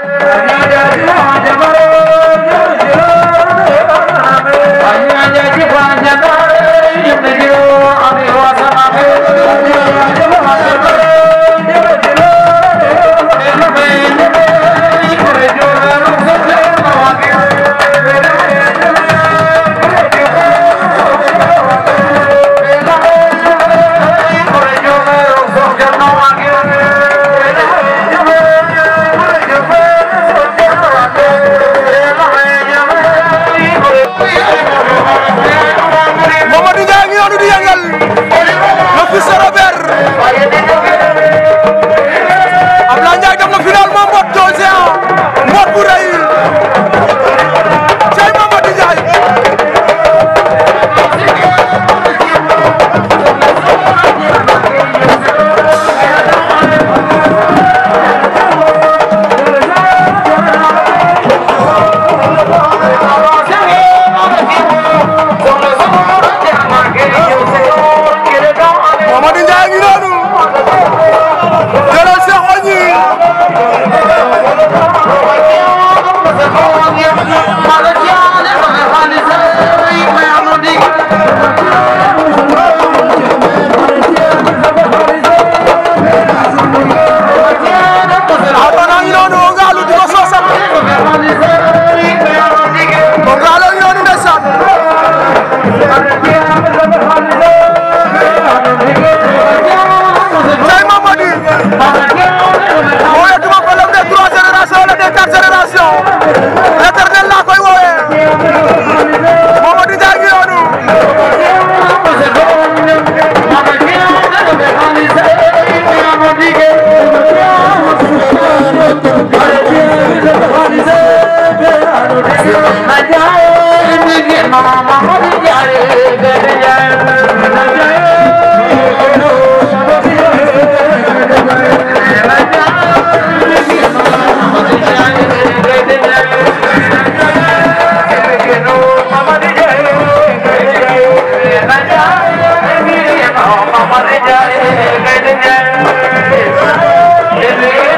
राजा जब Sénégal Nafissa Robert Ablaye Ndiaye dem na final moom Mbot Géant Mbot bu rëy waaye duma ko lëg des trois générations wala des quatre générations l'éternel laa koy woowee Mamadou Ndiaye ngi noonu Mamadou Yeah.